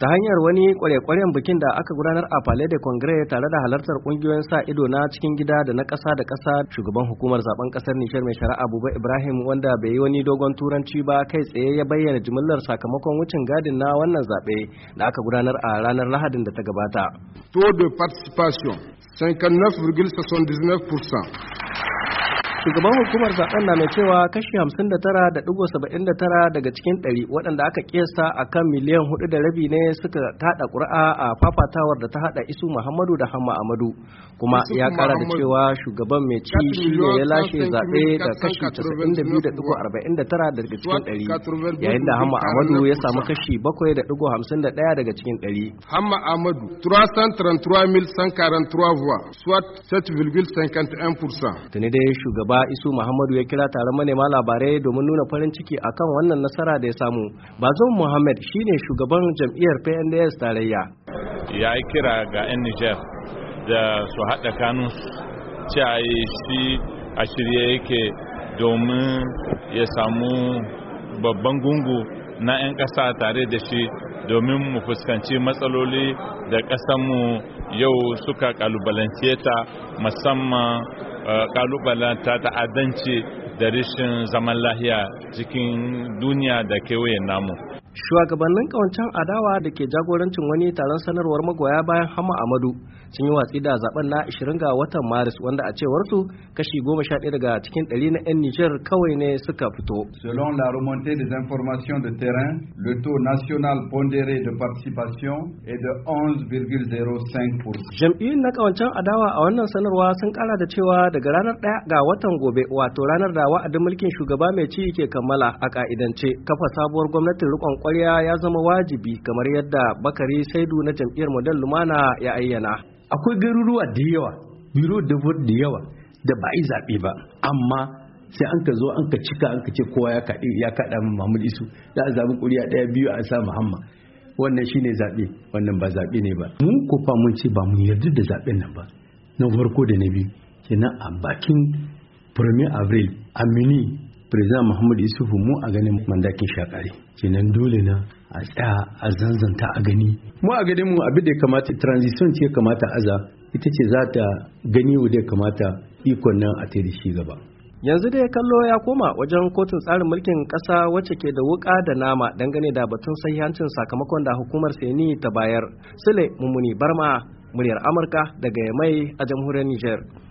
ta hanyar wani kware-kwaren bikin da aka gudanar a Palais de Congrès tare da halartar kungiyoyin sa ido na cikin gida da na ƙasa da ƙasa shugaban hukumar zaben ƙasar Nijar mai shari'a Buba Ibrahim wanda bai yi wani dogon turanci ba kai tsaye ya bayyana jimillar sakamakon wucin gadin na wannan zaɓe da aka gudanar a ranar Lahadin da ta gabata. Taux de participation 59,79% shugaban hukumar zaben na mai cewa kashi 59.79 daga cikin 100 waɗanda aka kiyasta a kan miliyan hudu da rabi ne suka tada ƙuri'a a fafatawar da ta hada isu muhammadu da hamma amadu kuma ya kara da cewa shugaban mai ci shi ne ya lashe zaɓe da kashi 92.49 daga cikin 100 yayin da hamma amadu ya samu kashi 7.51 daga cikin 100 hamma amadu 333,143 voix soit 7,51% tuni dai shugaba isu muhammadu ya kira taron manema labarai domin nuna farin ciki akan wannan nasara da ya samu bazum muhammad shine shugaban jam'iyyar pnds tarayya ya yi kira ga 'yan niger da su haɗa kanun cewa shi a shirye yake domin ya samu babban gungu na 'yan ƙasa tare da shi domin mu fuskanci matsaloli da kasanmu yau suka ƙalubalance ta musamman Eh, ta ta'addanci da rashin zaman lahiya cikin duniya da kewayen namu shugabannin kawancen adawa da ke jagorancin wani taron sanarwar magoya bayan hama amadu sun yi watsi da zaben na 20 ga watan maris wanda a cewar su kashi 11 daga cikin 100 na 'yan nijar kawai ne suka fito selon la remontée des informations de terrain le taux national pondéré de participation est de 11,05% jam'iyyun na kawancen adawa a wannan sanarwa sun kara da cewa daga ranar 1 ga watan gobe wato ranar da wa'adin mulkin shugaba mai ci ke kammala a ka'idance kafa sabuwar gwamnatin rikon kwarya ya zama wajibi kamar yadda Bakari Saidu na jam'iyyar Model Lumana ya ayyana. Akwai garuruwa da yawa, biro da da yawa da ba yi zaɓe ba, amma sai an ka zo an ka cika an ka ce kowa ya kaɗi ya kaɗa min Mahmud Isu za a zaɓi ƙuri'a ɗaya biyu a sa Muhammad wannan shine zaɓe wannan ba zaɓe ne ba Mun ko fa mun ce ba mu yarda da zaɓen nan ba na farko da na biyu kenan a bakin premier Avril a Firizan Muhammadu yusufu mu a ganin mandakin shakari kenan dole na a tsaya a zanzanta a gani mu a ganin mu abin da ya kamata transition ce kamata aza ita ce za ta gani da ya kamata ikon nan a ta da shi gaba yanzu da ya kallo ya koma wajen kotun tsarin mulkin ƙasa wacce ke da wuka da nama dangane da batun sahihancin sakamakon da hukumar seni ta bayar sule mummuni barma muryar amurka daga mai a jamhuriyar niger